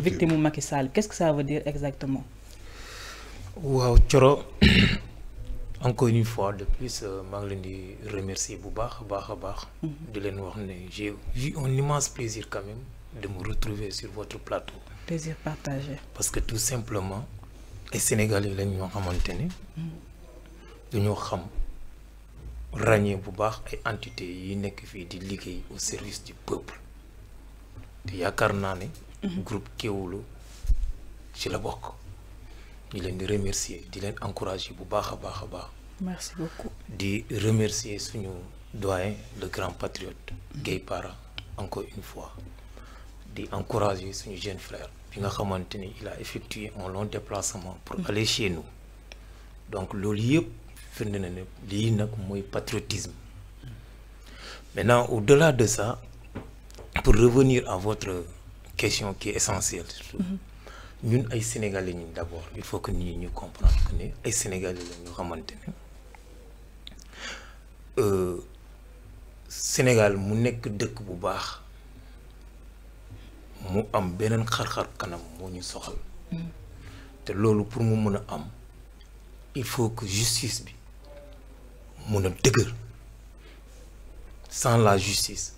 victime qu'est-ce que ça veut dire exactement Wow, encore une fois de plus je euh, remercie di remercier bu baax mhm. j'ai eu un immense plaisir quand même de me retrouver sur votre plateau plaisir partagé parce que tout simplement les Sénégalais et les xamante ne mhm. dañoo xam ràññee bu baax entités yi au service du peuple y a groupe Kéwoulo chez la BOKO. il leen di remercier di leen encourager bu baax a merci beaucoup di remercier suñu doyen le grand patriote. Gay Para encore une fois. di encourager suñu jeune frère. bi nga xamanteni il a effectué un long déplacement pour mm. aller chez nous. donc le lieu firnde na ne lii patriotisme. Mm. maintenant au-delà de ça pour revenir à votre question qui est essentielle. nous, mm-hmm. ay sénégalais d'abord, il faut que nous comprenions ñu que ay sénégalais nous ñu xamante euh, Sénégal mu nekk dëkk bu baax mu am benen xar-xar kanam mo ñu soxal. Mm-hmm. té lolu pour mu mëna am il faut que justice bi mën a sans la justice.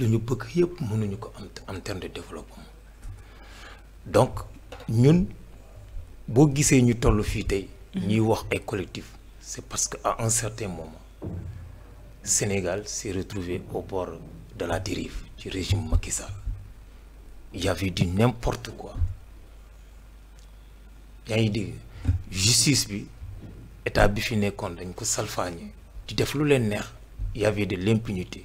Nous ñu bëgg yépp mënuñu ko en termes de développement donc nous, si nous ñu tollu nous tay ñi wax collectif c'est parce qu'à un certain moment le Sénégal s'est retrouvé au bord de la dérive du régime Macky Sall il y avait du n'importe quoi Il y justice bi état bi fi nekkoon dañ ko salfañé di def lu leen neex il y avait de l'impunité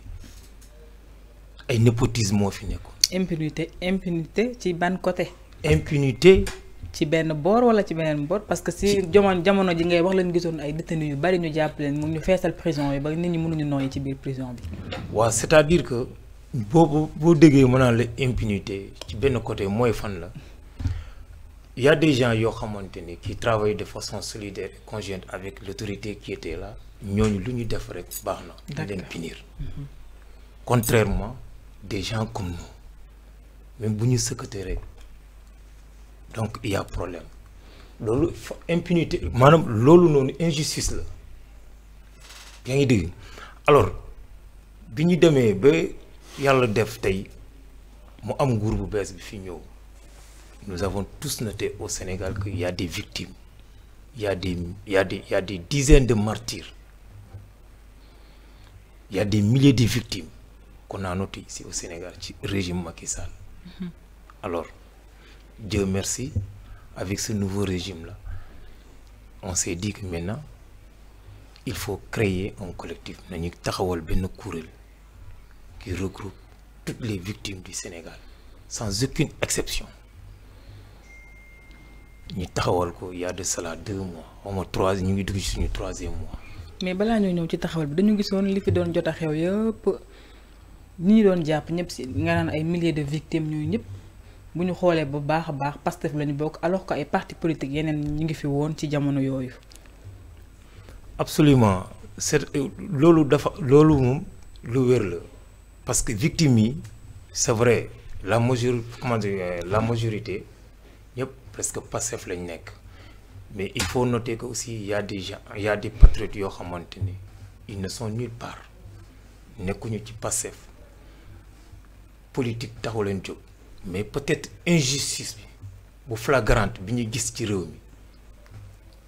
ay népotisme fi impunité impunité ci ban côté. impunité. ci benn boor wala ci beneen bord, parce que si jamono jamono ji ngay wax leen une ay détenus yu bari ñu jàpp nous mu ñu feesal prison yi ba nit ñi mënuñu nous ci biir prison bi. c'est-à-dire que beaucoup boo déggee ma naan la impunité ci côté mooy fan la y a des gens yoo xamante qui travaillent de façon solidaire conjointe avec l'autorité qui était là ñooñu lu ñu def rek baax na. dañ mhm. contrairement des gens comme nous même si nous sommes secrétaires, donc il y a problème L'impunité, impunité maanaam loolu une injustice la idée. alors si nous nous avons tous noté au Sénégal qu'il y a des victimes il y a des il y a des dizaines de martyrs il y a des milliers de victimes qu'on a noté ici au Sénégal le régime Macky Sall. Mhm. alors Dieu merci avec ce nouveau régime là on s'est dit que maintenant il faut créer un collectif nañu taxawal un collectif qui regroupe toutes les victimes du Sénégal sans aucune exception ñu taxawal ko il y a de cela deux mois au moins trois ñu ngi dugg troisième mois. mais balaa ñoo ñëw ci taxawal bi dañu gisoon li fi doon ni ñu doon jàpp nga naan ay milliers de victimes ñooñu ñëpp bu ñu xoolee bu baax a baax Pastef alors que ay partis politiques yeneen ñu ngi fi woon ci absolument c'est loolu dafa loolu moom lu parce que victimes yi c'est vrai la major comment dire euh, la majorité presque Pastef lañ nekk mais il faut noter que aussi il y a des gens il y a des patriotes qui ont ni ils ne sont nulle part nekkuñu ci Pastef politique mais peut-être injustice flagrante bi ñu gis ci réew mi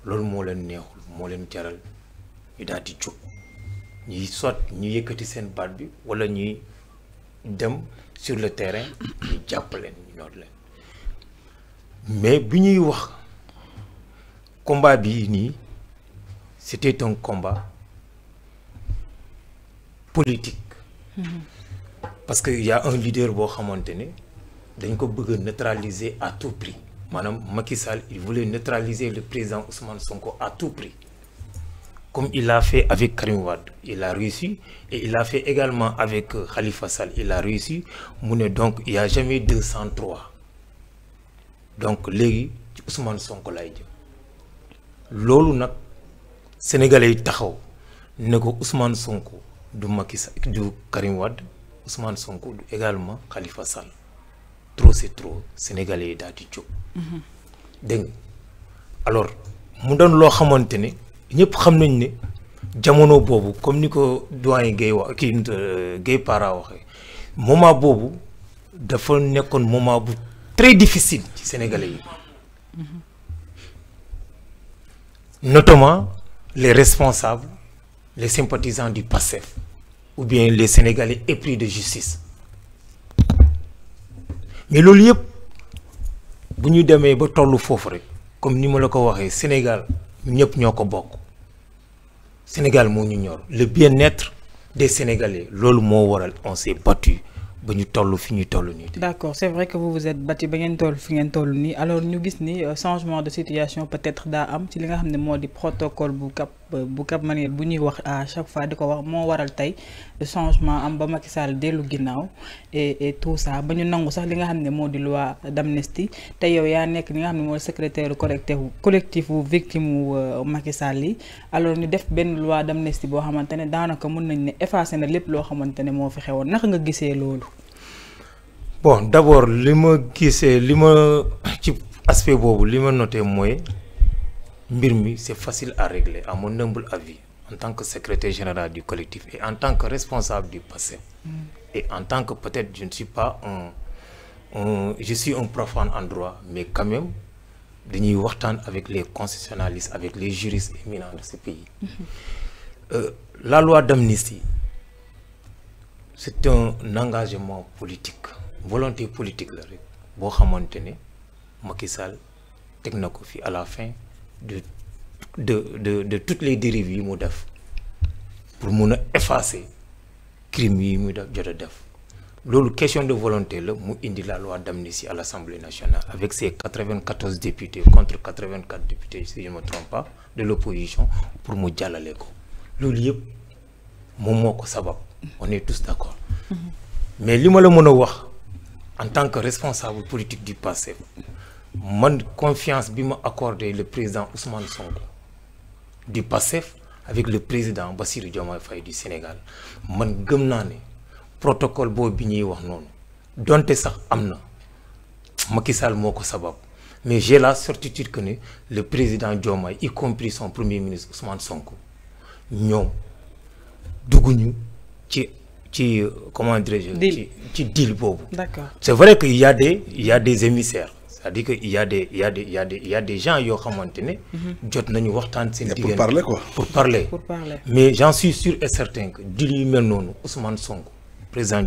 lool mo leen neexul mo leen jaral ñu ñu dem sur le terrain ñu japp ñu mais bi combat bi c'était un combat politique. Mm-hmm parce qu'il y a un leader qui veut neutraliser à tout prix Mme Macky Sall il voulait neutraliser le président Ousmane Sonko à tout prix comme il l'a fait avec Karim Wade il a réussi et il l'a fait également avec euh, Khalifa Sall il a réussi donc il n'y a jamais deux sans donc l'égui, Ousmane Sonko lay jëm L'olu, le sénégalais il taxaw ne Ousmane Sonko du Macky Sall du Karim Wade Ousmane Sonko également Khalifa Sal trop c'est trop sénégalais alors mu avons lo ne xam nañ jamono comme nous doyen euh, Para moment dafa moment très difficile ci sénégalais notamment les responsables les sympathisants du passé ou bien les Sénégalais épris de justice mais le lieu si nous demee ba le foofu comme ni ma la le Sénégal nous sommes tous. Le Sénégal nous ñu le bien-être des Sénégalais loolu moo waral on s'est battu D'accord, c'est vrai que vous vous êtes battu bien ngeen toll alors nous gis ni euh, changement de situation peut-être daa am ci li nga xam protocole bu bu Cap Manuel bu ñuy wax à chaque fois di ko wax moo waral tey changement am ba Macky Sall dellu ginnaaw et tout ça ba ñu nangu sax li nga xam ne moo di loi d'amnistie te yow yaa nekk li nga xam ne moo secrétaire collectif collectif wu victime wu euh, Macky Sall yi alors ñu def benn loi d'amnistie boo xamante ne daanaka mën nañ ne effacé na lépp loo xamante ne moo fi xewoon naka nga gisee loolu. bon d'abord li ma gisee li ma ci aspect boobu li ma noté mooy. Mirmi, c'est facile à régler à mon humble avis en tant que secrétaire général du collectif et en tant que responsable du passé mm. et en tant que peut-être je ne suis pas un je suis un profane en droit mais quand même de waxtaan avec les concessionnalistes, avec les juristes éminents de ce pays. Mm-hmm. Euh, la loi d'amnistie c'est un engagement politique volonté politique là, à la fin de de toutes les dérives pour effacer crime crimes def question de volonté la la loi d'amnistie à l'Assemblée nationale avec ses 94 députés contre 84 députés si je ne me trompe pas de l'opposition pour mu jàllale ko c'est on est tous d'accord mm-hmm. mais ce que je en tant que responsable politique du passé man confiance que ma accordé le président Ousmane Sonko du PASEF avec le président Bassir Diomaye Faye du Sénégal man gëm naa protocole boobu bi ñi wax non donté sax amna Macky Sall sabab mais j'ai la certitude que le président Diomaye y compris son premier ministre Ousmane Sonko ñoom dugguñu ci ci euh, comment dirais-je deal d'accord c'est vrai qu'il y a des il y a des émissaires c'est-à-dire qu'il y a des il y a des il y a des y a des gens qui ont jot nañu waxtaan seen. pour parler quoi pour parler. pour parler mais j'en suis sûr et certain que Dili Menon, Ousmane Sonko président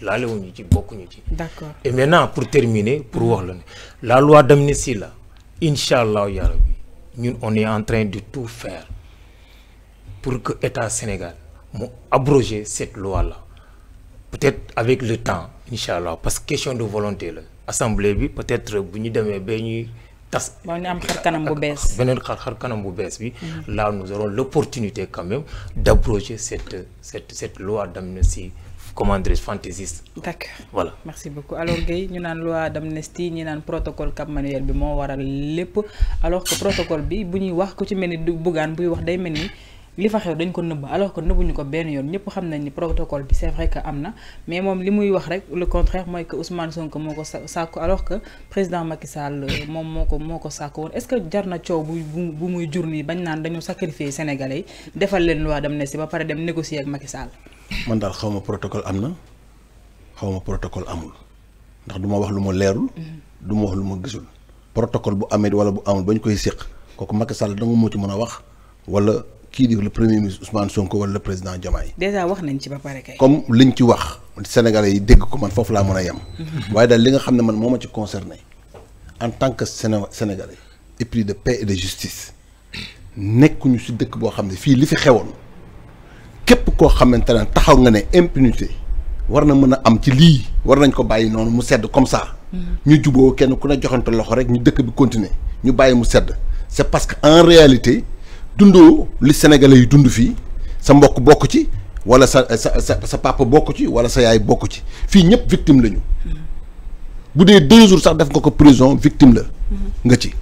là, il y ci bokkuñu ci. d'accord et maintenant pour terminer pour voir la la loi d'amnistie là, inshallah, on est en train de tout faire pour que état Sénégal abroge cette loi là peut-être avec le temps. Inch'Allah, parce que question de volonté la. assemblée bi peut-être bu ñu demee ba ñuy tas. ba ñu am xar kanam bu bess benen xar xar kanam bu bess bi. là nous aurons l'opportunité quand même d'approcher cette cette cette loi d'amnistie comment fantaisiste. d'accord voilà merci beaucoup alors nous ñu la loi d'amnistie ñu le protocole Cap Manuel bi mo waral lepp alors que protocole bi bu ñuy wax ko ci melni ni Bougane wax day melni li fa xew dañ alors que ko ben xam nañ ni protocole bi c'est vrai que mais le contraire moy que Ousmane Sonko alors que président Macky Sall euh, est-ce que jarna ciow bu muy bañ dañu sacrifier Sénégalais loi ba dem négocier ak Macky Sall. man protocole Amna, xawma protocole amul ndax wax mhm. wax protocole bu amé wala bu amul bañ Macky Sall ci wax qui di le premier ministre Ousmane Sonko ou le président Diomaye. déjà wax nañ ci ba paré kay. comme liñ ci wax sénégalais yi dégg ko man fofu la mëna yam waye dal li nga xamné man moma ci concerner en tant que sénégalais et épris de paix et de justice nekkuñu ci dëkk bo xamné fi li fi xewon képp ko xamante ne taxaw nga né impunité war na mën am ci li war nañ ko bayyi noonu mu sédd comme ça. Mm-hmm. ñu juboo kenn ku na joxante loxo rek ñu dëkk bi continuer ñu bayyi mu sédd c'est parce que en réalité. dundoo li sénégalais yi dund fii sa mbokk bokk ci wala sa sa sa sa bokk ci wala sa yaay bokk ci fii ñëpp victime lañu hmm. bu dee deux sax def nga ko prison victime la hmm. nga ci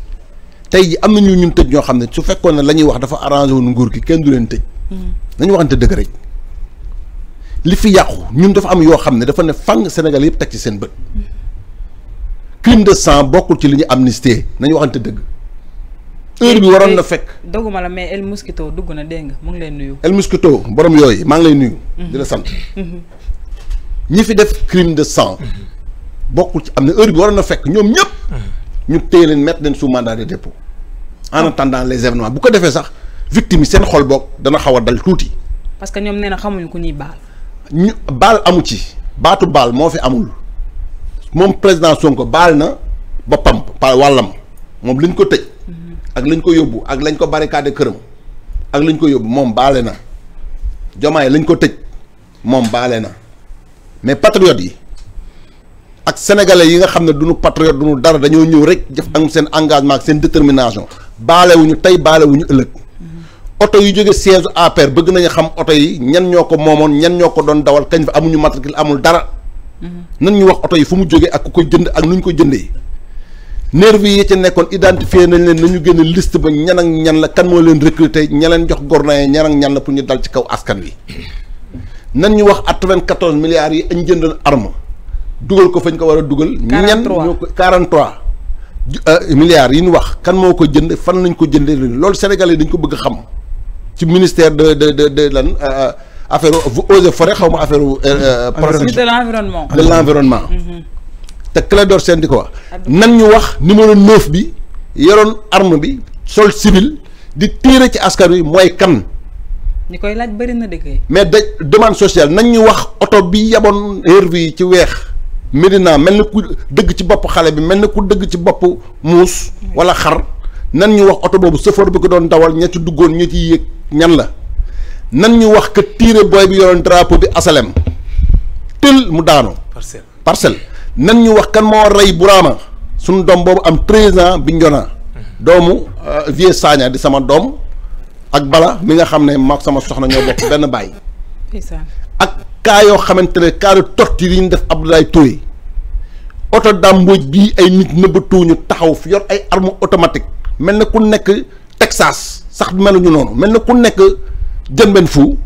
tey ji am na ñu ñun tëj ñoo xam ne su fekkoon ne la ñuy wax dafa arrangé woon nguur gi kenn du leen tëj hmm. nañu waxante dëgg rek li fi yàqu ñun dafa am yoo xam ne dafa ne fang Sénégal yëpp teg ci seen bët crime de sang bokkul ci li ñu amnistie nañu waxante dëgg heure bi fait. na eh, la mais El Mosquito duguna na mo ngi lay nuyu. El Mosquito borom yoy ma ngi lay mhm. mhm. ñi def crime de sang. bokul ci amna heure bi nous na mhm. ñu mettre sous mandat de dépôt. en oh. attendant les événements bu ko sax victime sen xol bok dana xawa dal touti parce que ñom xamuñu ku bal amu ci batu bal mo fi amul président Sonko na liñ ko ak lañ ko yóbbu ak lañ ko barricade këram ak lañ ko yóbbu moom baale na jomaay lañ ko tëj moom baale na mais patriotes yi ak sénégalais yi nga xam ne duñu patriote duñu dara dañoo ñëw rek jëf am seen engagement ak seen détermination baalewuñu tey baalewuñu ëllëg oto yu jóge siège APR bëgg nañu xam oto yi ñan ñoo ko moomoon ñan ñoo ko doon dawal kañ fa amuñu matricule amul dara mhm. nan ñu wax oto yi fu mu jógee ak ku ko jënd ak nu ñu koy jëndee. nervi yi ca nekkoon identifié nañ leen nañu génne liste ba ñan ñan la kan moo leen recruter ña leen jox gorna yi ñan ak ñan la pour ñu dal ci kaw askan wi nan ñu wax quatre-vingt-quatorze yi añ jëndoon arme dugal ko fañ ko war a dugal. ñan ñoo ko 43 euh, milliards yi ñu wax kan moo ko jënd fan lañ ko jëndee loolu sénégalais dañ ko bëgg a xam ci ministère de de de de lan euh, euh, affaire eaux et forêt xaw ma affaire. protection de l'environnement de l'environnement. Mm-hmm. te Clédor Sène di nan ñu wax numéro 9 bi yaron arme bi sol civil di tiire ci askar wi moy kan. ñi koy laaj bari na deug mais da demande sociale nan ñu wax auto bi yabon heure bi ci weex medina melni ku deug ci bop xalé bi melni ku deug ci bop muus wala xar nan ñu wax auto bobu chauffeur bi ko doon dawal ci ñan la nan ñu wax ke tiire boy bi yoroon drapeau bi asalem til mu daano parcel parcel nan ñu wax kan moo rey Burama suñu doom boobu am 13 ans bi njona doomu euh, Vieux Sagna di sama doom ak Bala mi nga xam ne ma sama soxna ñoo bokk benn bàyyi. ak cas yoo xamante ne cas de torture yi ñu def Abdoulaye Touré oto dàmbooj bii ay nit ñu taxaw fi yor ay armu automatique mel na ku nekk Texas sax meluñu noonu mel na ku nekk jëmben fu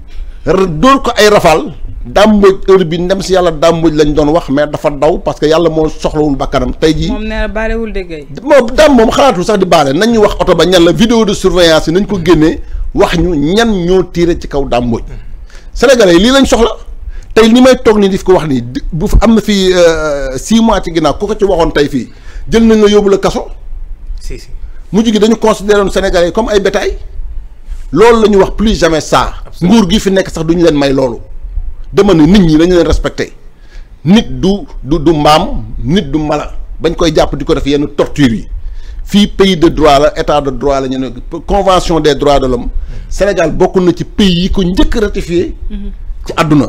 dóor ko ay rafal dàmboj heure bi ndem si yàlla dàmboj lañ doon wax mais dafa daw parce que yàlla moo soxlawul bakkanam tey jii moom nee na baalewul dëgg moom dam moom xalaatul sax di baale nañ ñu wax oto ba ñan la vidéo de surveillance yi nañ ko génnee wax ñu ñan ñoo tiire ci kaw dàmboj sénégalais yi lii lañ soxla tey ni may toog nii di fi ko wax nii bu am na fii euh, six mois ci ginnaaw ku ko ci waxoon tey fii jël nañ la yóbbu la kaso si si mujj gi dañu considéré woon yi comme ay bétail loolu la ñu wax plus jamais ça nguur gi fi nekk sax duñu leen may loolu dama ne nit ñi dañu leen respecté nit du du du mbaam nit du mala bañ koy jàpp di ko def yenn torture yi fii pays de droit la état de droit la ñu ne convention des droits de l'homme Sénégal bokk na ci pays yi ko njëkk ratifié ci àdduna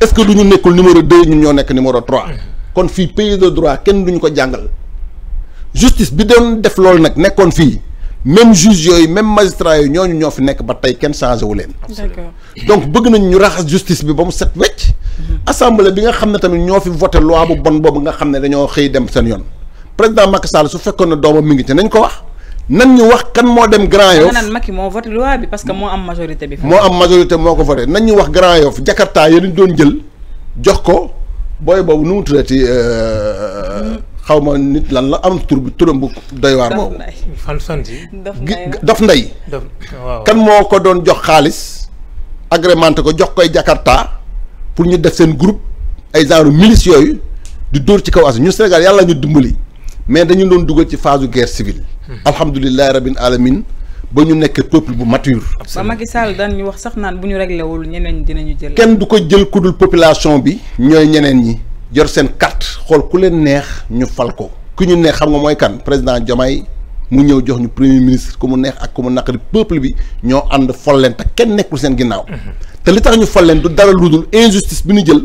est-ce que du ñu nekkul numéro deux ñu ñoo nekk numéro trois kon fii pays de droit kenn duñu ko jàngal justice bi doon def loolu nag nekkoon fii même juge yooyu même magistrat yooyu ñooñu ñoo fi nekk ba tey kenn changé wu leen. donc bëgg nañ ñu raxas justice bi ba mu set wecc. Mhm. assemblée bi nga xam ne tamit ñoo fi voté loi bu bon boobu nga xam ne dañoo xëy dem seen yoon président Macky Sall su fekkoon ne doomam mi ngi ci nañ ko wax nan ñu wax kan moo dem Grand Yoff. maanaam Macky moo voté loi parce que moo am majorité bi. moo am majorité moo ko voté nan ñu wax Grand Yoff Jakarta yéen doon jël jox ko booy boobu nu mu tuddati. Euh, mhm. xaw ma nit lan la am tur turam bu doy waar. moom fan sant yi. Dof Ndeye kan moo ko doon jox xaalis agrémenté ko jox koy Jakarta pour ñu def seen groupe ay genre milice yooyu di dóor ci kaw as ñu Sénégal yàlla ñu dimbali mais dañu doon dugal ci phase guerre civile. Hmm. alhamdulilah rabbil alamin ba ñu nekk peuple bu mature. ba Macky Sall daan ñu wax sax naan ñu réglé wul ñeneen dinañu jël. kenn du ko jël kudul population bi ñooy ñeneen ñi. yor seen carte xool ku leen neex ñu fal ko ku ñu neex xam nga mooy kan président Diomaye mu ñëw jox ñu premier ministre ku mu neex ak ku mu naqari peuple bi ñoo ànd fol leen te kenn nekkul seen ginnaaw. Mhm. te li tax ñu fol leen du dara lu dul injustice bi ñu jël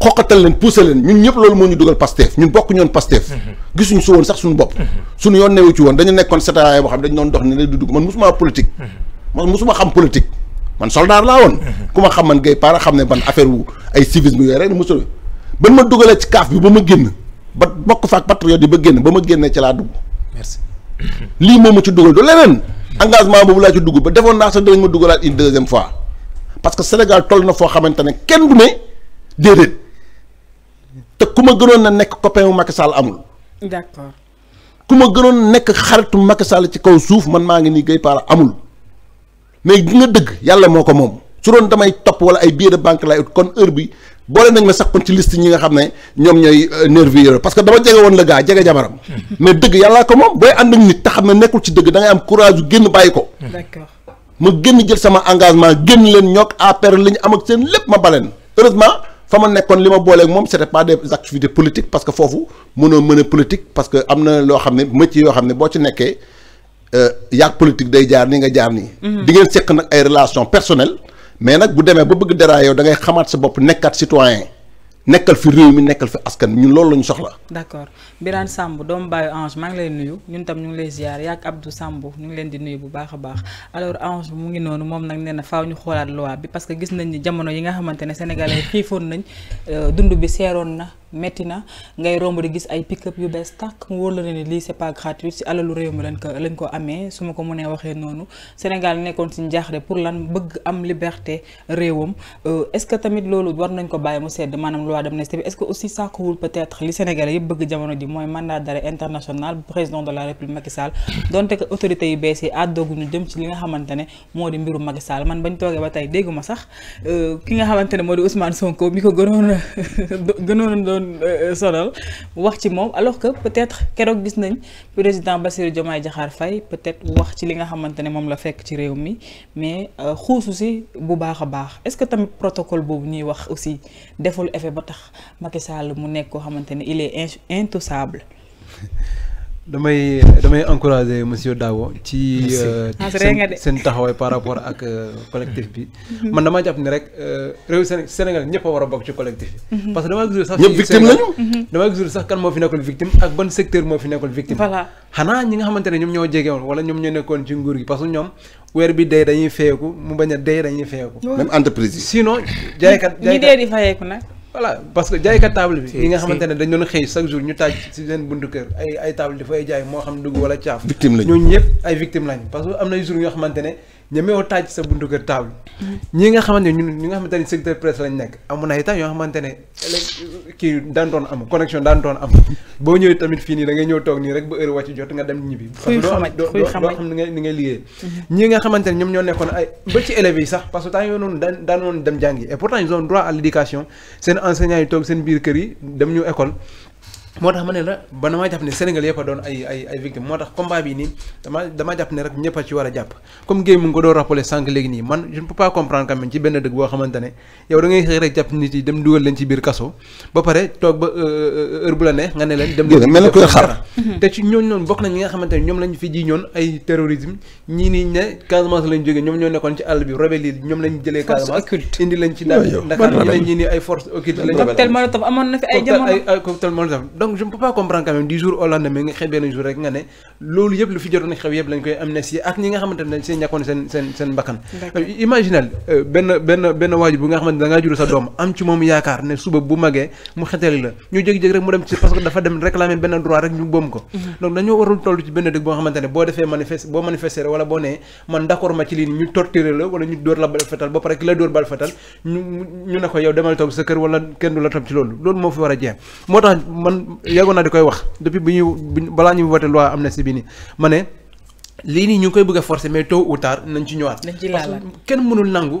xoqatal leen pousser leen ñun ñëpp loolu moo ñu dugal Pastef ñun bokk ñoon Pastef. Mhm. gisuñu su woon sax suñu bopp. Mhm. suñu yoon newu woon dañu nekkoon citoyen boo xam dañu doon dox ne lay dugg man laa woon. ku ma xam man gay paara xam ne ban affaire wu ay civisme yooyu ban ma dugalee ci kaaf bi ba ma génn ba bokk faa patriote yi ba génn ba ma génnee ci laa dugg. lii moom ma ci dugal du leneen. engagement boobu laa ci dugg ba defoon naa sax danañ ma dugalaat une deuxième fois parce que Sénégal toll na foo xamante ne kenn du ne déedéet te ku ma gënoon na nekk copain wu Macky Sall amul. d'accord ku ma gënoon nekk xaritu Macky Sall ci kaw suuf man maa ngi nii Gueye Paara amul mais gi nga dëgg yàlla moo ko moom su doon damay topp wala ay biir de banque lay ut kon heure bi bolé nañ ma sax ci liste ñi nga ne ñoy euh, parce que dama jégué won la gars la jabaram. Hmm. mais dëgg yalla ko mom boy and ak nit nekkul ci dëgg da ngay am courage génn hmm. d'accord ma génn jël sama engagement génn leen ñok à am ak seen lepp ma je heureusement. fama nekkon lima bolé c'était pas des activités politiques parce que fofu vous, mëne politique parce que amna lo xamné métier que je que euh, politique day jaar ni nga jaar ni hmm. di relations personnelles. mais nag bu demee ba bëgg dara yow da ngay xamaat sa bopp nekkaat citoyen nekkal fi réew mi nekkal fi askan ñu loolu la ñu soxla. d' accord Birane Samb doomu baayu Ange maa ngi lay nuyu ñun tam ñu ngi lay ziar yaa ak Abdou ñu ngi leen di nuyu bu baax a baax alors Ange mu ngi noonu moom nag nee na faaw ñu xoolaat loi bi parce que gis nañ ni jamono yi nga xamante ne sénégalais xiifoon nañ euh, dund bi seeroon na. metti na ngay romb di gis ay pick-up yu bees tàkk mu wóor la ne lii c'est pas gratuit si alalu réew mi lañ ko lañ ko amee su ma ko mënee waxee noonu Sénégal nekkoon si njaaxle pour lan bëgg am liberté réewam euh, est-ce que tamit loolu war nañ ko bàyyi mu sedd maanaam loi d'amnistie bi est-ce que aussi sàkkuwul peut-être li Sénégalais yëpp bëgg jamono ji mooy mandat d'arrêt international président de la République Macky Sall donte que autorités yu bees yi àddooguñu ne moo di mbiru Macky Sall man ba tey dégguma sax euh, ki nga xamante ne moo di Ousmane Sonko mi doon euh, sonal wax ci moom alors que peut-être keroog gis nañ président Bassirou Diomaye Diakhar Faye peut-être wax ci li nga xamante ne moom la fekk ci réew mi mais euh, xuusu si bu baax a baax est-ce que tamit protocole boobu ñuy wax aussi deful effet ba tax Macky Sall mu nekk koo xamante ne il est intouchable damay damay encourager monsieur Dabo ci euh, ah, seen taxawaay par rapport ak euh, collectif bi mhm. man damaa jàpp ni rek euh, réew Sénégal ñëpp a war a bokk ci collectif mhm. parce que damaa mhm. gisul sax kan moo fi nekkul victime ak ban secteur moo fi nekkul victime xanaa ñi nga xamante ne ñoom ñoo jegewoon wala ñoom ñoo nekkoon ci nguur gi parce que ñoom weer bi dee dañuy feyeku mu bañ a dee dañuy feyeku sinon jaaykat jaaykat voilà parce que jaaykat table bi yi nga xamante ne dañ doon xëy chaque jour ñu taaj si seen buntu kër ay ay dafay jaay moo xam dugg wala caaf victime lañ ñooñu ñëpp ay victime lañ parce que am na jour mm-hmm. yoo xamante ne kii daantoon am connexion daantoon am boo ñëwee tamit fii nii da ñëw toog nii rek ba heure wàcc jot nga dem ñibbi doo xam ni ngay ni ngay mm-hmm. nga xamante ne ñoom ñoo nekkoon ay ba ci élèves yi sax parce que temps enseignants yi toog seen biir kër yi dem ñu école moo tax ma ne la ba damaa jàpp ne Sénégal yëpp a doon ay ay ay victimes moo tax combat bi nii dama damaa jàpp ne rek ñëpp ci war a comme Guèye mu ngi ko doon rappelé sànq léegi man je ne peux pas comprendre quand même ci benn dëkk boo xamante ne yow da ngay xëy rek jàpp nit yi dem dugal leen ci biir kaso ba pare toog ba euh, euh, heure bu la neex nga ne leen dem mel na koy xar te ci ñooñu noonu bokk na ñi nga xamante ne lañ fi ji ay terrorisme ñii nii ne Casamance lañ jógee ñoom ñoo nekkoon ci àll bi rebelle yi ñoom lañ jëlee Casamance indi lañ ci Dakar ñi ne ñii ay force occulte lañ cocktail Molotov amoon na fi ay jamono donc je ne peux pas comprendre quand même du jour Hollande mais nga xëy benn jour rek nga né lolu yépp lu fi jotoon xew yépp lañ koy amnistie ak ñi nga xamante ne seen ñàkkoon seen seen seen bakkan euh, imaginal ben benn benn waaju bu nga xamantene da nga jur sa doom am ci mom yaakar né suba bu magee mu xétal la ñu jékki-jékki rek mu dem ci parce que dafa dem réclamer benn droit rek ñu boom ko mhm. donc dañu warul tollu ci benn dëkk bo xamantene bo défé boo defee manifeste boo manifester wala bo né man d'accord ma ci li ñu torturer la wala ñu dóor la bal fetal ba paré ki la dóor bal fétal ñu ñu ne yow demal toog sa kër wala kenn du la top ci lolu lolu mo fi wara jé motax man yàggoon naa di koy wax depuis bi ñuy balaa ñuy voté loi amnistie bi nii ma ne lii nii ñu ngi koy bëgg a forcer mais tôt ou tard nañ ci ñëwaat. nañ ci laalaat parce kenn mënul nangu.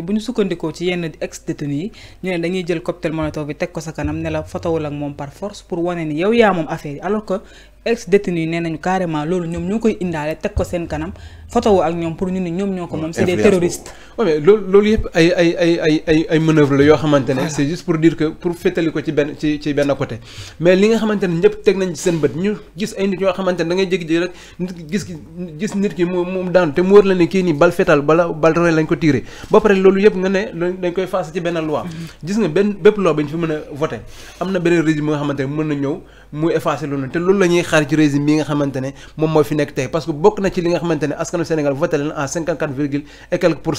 bu ñu sukkandikoo ci yenn ex détenus yi ñu ne dañuy jël cocktail molotov bi teg ko sa kanam ne la fotowul ak moom par force pour wane ni yow yaa moom affaire yi alors que ex détenus yi nee nañu carrément loolu ñoom ñoo koy indaale teg ko seen kanam photo ak ñom pour ñu ne ñoom ñoo ko c'est des terroristes oui mais lolu yépp ay ay ay ay ay manœuvre la yoo xamante c'est juste pour dire que pour féetali ko ci ben ci ci ben côté mais li nga xamantene ne ñëpp teg nañ ci seen bëtt ñu gis ay nit ñoo xamantene da ngay jékki-jékki rek gis gis nit ki mom mu daanu te mu wër la né kii ni bal fétal bala bal rey lañ ko tiré ba pare lolu yépp nga né dañ koy faase ci ben loi mm-hmm. gis nga ben bépp loi ba fi mëna voter amna am régime nga xamantene mëna ñëw mu effacer loolu té lolu lañuy xaar ci régime bi nga xamantene mom mo fi nek tay parce que bok na ci li nga xamantene ne askan askanu Sénégal voté leen à 54 virgule et quelques pour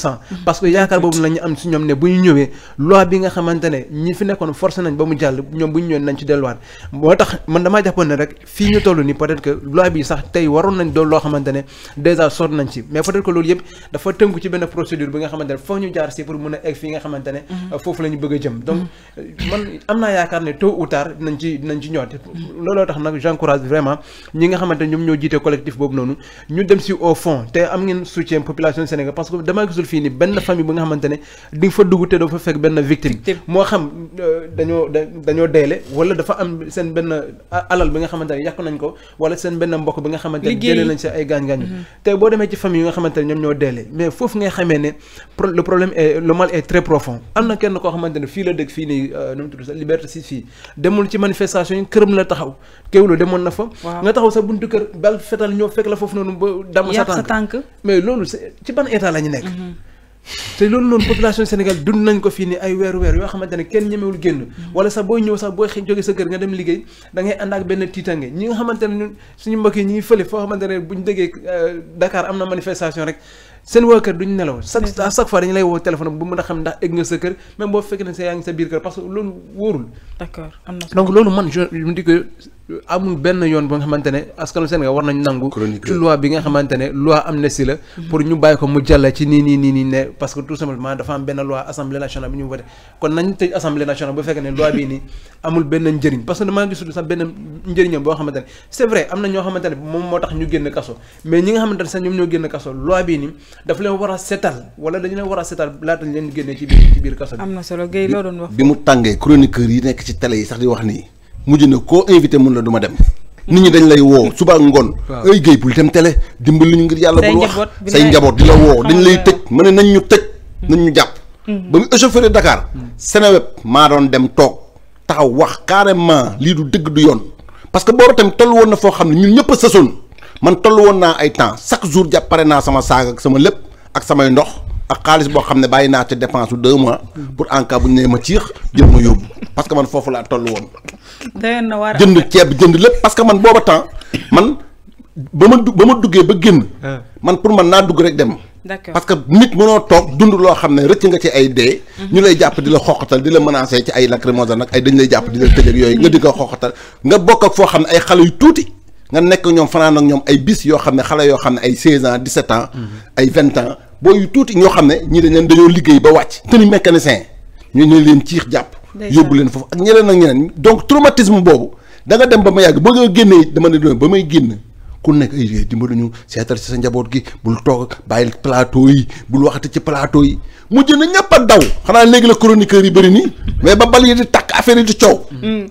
parce que yaakaar bobu lañu am ci ñom né buñu ñëwé loi bi nga xamante ñi fi nekkoon forcé nañ ba mu jall ñom buñu ñu nañ ci delluwaat motax man dama jàppoon ne rek fi ñu tollu ni peut-être que loi bi sax tay waroon nañ do lo xamante déjà sort nañ ci mais peut-être que loolu yëpp dafa tënku ci benn procédure bi nga xamante ne ñu jaar ci pour mëna a fi nga xamante mm-hmm. fofu lañu bëgg jëm donc mm-hmm. euh, man amna naa né tôt ou tard nañ ci nañ ci ñëwaat looloo tax nak j'encourage vraiment ñi nga xamante ñom ñoo jité collectif bobu nonu ñu dem ci au fond te am ngeen soutien population Sénégal parce que damaa gisul fii ben la famille bu nga xamante ne di nga fa dugg te fa victime moi xam Daniel euh, Daniel deele wala dafa am c'est benn alal bi nga xamante ne yàq nañ ko wala c'est benn mbokk bi nga xamante ne jëlee nañ si ay gaañ-gaañ mm-hmm. te boo ci famille yi nga xamante ne ñoo mais faut ngay xamee le problème est le mal est très profond am na kenn koo xamante ne fii la dëkk fii nii euh, nu mu tudd sax liberté si fii demul ci manifestation yi këram la taxaw kéwlu demoon na fa nga taxaw sa buntu kër bal fetal ñoo fekk la foofu noonu ba satan tànk mais loolu ci ban état la ñu nekk. te loolu noonu population Sénégal dund nañ ko fii ni ay weeru weer yoo xamante kenn ñemewul génn. wala sax booy ñëw sax booy jóge foo xamante bu ñu déggee euh, Dakar am na manifestation rek seen waa kër duñ nelaw chaque à chaque fois dañu lay woo téléphone bu mën a xam ndax egg nga sa kër même boo fekkee ne sa yaa ngi sa biir kër parce que loolu wóorul. donc loolu man je amul benn yoon ba nga xamante ne askanu Sénégal war nañ nangu ci loi bi nga xamante ne loi amnistie la pour ñu bàyyi ko mu jàll ci nii nii nii nii ne parce que tout simplement dafa am benn loi assemblée nationale bi ñu voté kon nañ tëj assemblée nationale bu fekkee ne loi bii nii amul benn njëriñ parce que damaa gisul sax benn njëriñam boo xamante ne c'est vrai am na ñoo xamante ne moom moo tax ñu génn kaso mais ñi nga xamante ne sax ñoom ñoo génn kaso loi bii nii daf leen war a setal wala dañu leen war a setal laata ñu leen génnee ci biir ci biir kaso bi am na solo Guèye loo doon wax bi mu tàngee chroniqueur yi nekk ci télé yi sax di wax nii mujj ne ko invité mun la duma dem nit ñi dañ lay wo suba ngon ay geey bu dem télé dimbal ñu ngir yàlla wax say njabot di la mm-hmm. dañ lay tëj mané nañ ñu tëj mm-hmm. nañ ñu japp mm-hmm. ba mi échauffeur Dakar Seneweb ma doon dem tok taxaw wax carrément li du deug du yoon parce que boobu tamit toll na fo xamni ñun ñëpp a man tollu won na ay temps chaque jour jàppare na sama saga, ak sama lepp ak sama ndox ak xaalis boo xam ne bàyyi naa ci dépense su deux mois pour en cas bu ñu nee ma ciix jël ma yóbbu parce que man foofu laa toll woon. jënd ceeb jënd lépp parce que man booba temps man ba ma duggee ba génn. Ah. man pour man naa dugg rek dem. d'accord nit mënoo toog dund loo xam ne rëcc nga ci ay dee. Mhm. ñu lay jàpp di la xoqatal di la menacer ci ay lacrymogène nag ay dañ lay jàpp di la tëj yooyu nga di ko xoqatal nga bokk ak foo xam ne ay xale yu tuuti. nga nekk ñoom boo yu tuuti ñoo xam ne ñii dañ leen dañoo liggéey ba wàcc te ni mécanicien ñu ne leen ciix jàpp yóbbu leen foofu ak ñeneen ak ñeneen donc traumatisme boobu da nga dem ba ma yàgg ba nga génnee dama ne doon ba may génn ku nekk ay dimbali ñu seetal ci sa njaboot gi bul toog bàyyil plateau yi bul waxati ci plateau yi mujj na ñëpp a daw xanaa léegi la chroniqueur yi bëri nii mais ba bal yi di takk affaire yi di coow mm.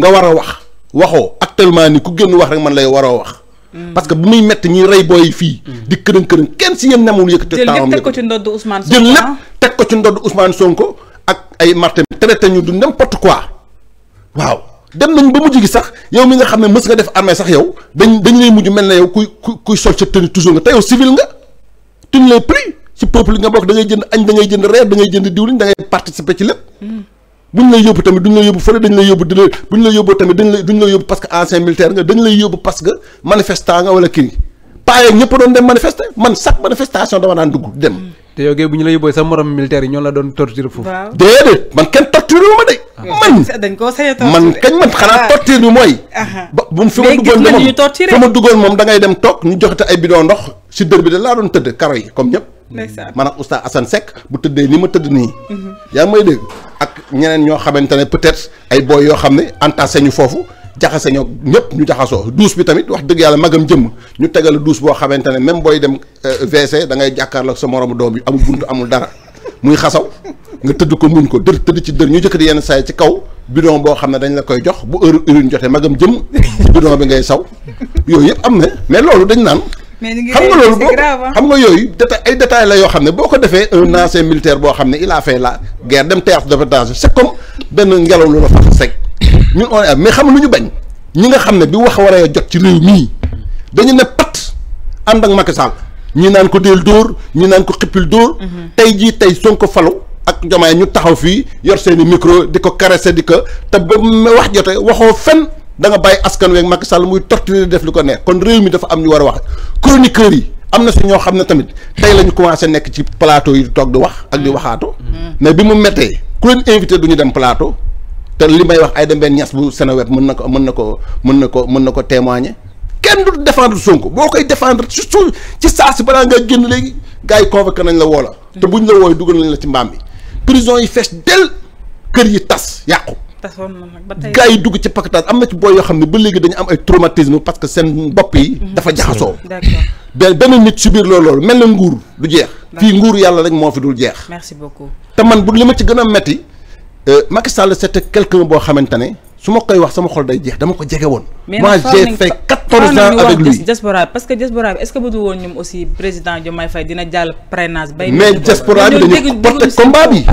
nga war a wax waxoo actuellement ni ku génn wax rek man lay waroo wax. Mm. parce que bu muy métti ñi rey booy fii. Mm. di kërën kërën kenn si yéen nemul yëkkati. temps am jël lépp teg ko ci ndodd Ousmane Sonko jël ah. ko ci ndodd Sonko ak ay martin traité ñu du n'importe quoi waaw dem nañ ba mujj gi sax yow mi nga xam ne mës nga def armée sax yow dañ dañ lay mujj mel ne yow kuy kuy sol sa tenue toujours nga te yow civil nga tu ne l'as pris ci peuple nga bokk da ngay jënd añ da ngay jënd reer da ngay jënd diwlin da ngay participer ci lépp. Mm. buñ lay yóbbu tamit duñ lay yóbbu fële dañ lay yóbbu di la buñ lay yóbbu tamit dañ lay duñ lay yóbbu parce que ancien nga dañ lay yóbbu parce manifestant nga wala kii paa yeeg doon dem manifester man chaque manifestation dama daan dugg dem. Mm. te yow kay bu ñu la yóbboo sa morom militaire yi ñoo la doon torture foofu. waaw déedéet man kenn torture a ah. man kañ ah. bi mooy. ba bu fi ma duggoon de moom fi ma duggoon moom da ngay dem toog ñu joxete ay bidon ndox si dër bi da laa doon tëdd karo yi comme ñëpp. man ak oustaz Assane Seck ni ma tëdd nii. Mhm. yaa ngi may ak ñeneen ñoo xamante ne peut-être ay booy yoo xam ne entassé ñu foofu jaxase ñoo ñëpp ñu jaxasoo douche bi tamit wax dëgg yàlla magam jëm ñu tegal douche boo xamante ne même booy dem WC euh, dangay ngay jàkkaarloog sa moroomu doom yi amul bunt amul dara muy xasaw nga tëdd ko muñ ko dër tëdd ci dër ñu jëkkati yenn saay ci kaw bidon boo xam ne dañ la koy jox bu heure urine jotee magam jëm ci bidon bi ngay saw yooyu yëpp am na mais loolu dañ naan xam nga loolu boo xam nga yooyu détail ay détails la yoo xam ne boo ko defee un mm-hmm. ancien militaire boo xam ne il a fait la guerre dem théâtre de partage c'est comme benn ngelaw lu la fax sec ñu bañ ñi nga xam ne bi wax waree jot ci réew mii dañu ne pat ànd ak Macky Sall ñi naan ko deel dóor ñi naan ko xippil dóor mm-hmm. tey jii tey Sonko falu ak Diomaye ñu taxaw fii yor seeni micro di ko caresser di ko te ba wax jote waxoo fen danga nga bàyyi askan weeg Macky Sall muy torturer def lu ko neex kon réew mi dafa am ñu war a wax chroniqueurs yi am na si ñoo xam ne tamit tey la ñu nekk ci plateau yi toog di wax ak di waxaatu mm. mais bi mu méttee ku leen invité du ñu dem palaato te li may wax ay dem benn ñas bu Seneweb mën na ko mën na ko mën na ko mën na ko témoigner kenn du défendre sunk boo koy défendre ci su ci saa si balaa nga génn léegi gars yi convoqué nañ la woo la te mm. buñ la wooy dugal nañ la ci mbaam bi prison yi fees del kër yi tas yàqu tasoon na nag ba tey gars yi dugg ci pakatan amna ci boy yo xam ba légui dañu am ay traumatisme parce que sen bop yi. Mhm. dafa jaxaso d'accord ben, benn nit subir loolu loolu mel na nguur du jeex. fi nguur yalla rek mo fi dul jeex. merci beaucoup. te man bu li ma ci gëna metti euh Macky Sall c'était quelqu'un bo xamantane suma koy wax sama xol day jeex dama ko jege won moi j'ai fait 14 ans avec lui diaspora parce que diaspora est-ce que bu du woon ñoom aussi président Diomaye Faye dina jall parrainage. bay mais diaspora dañu combat bi.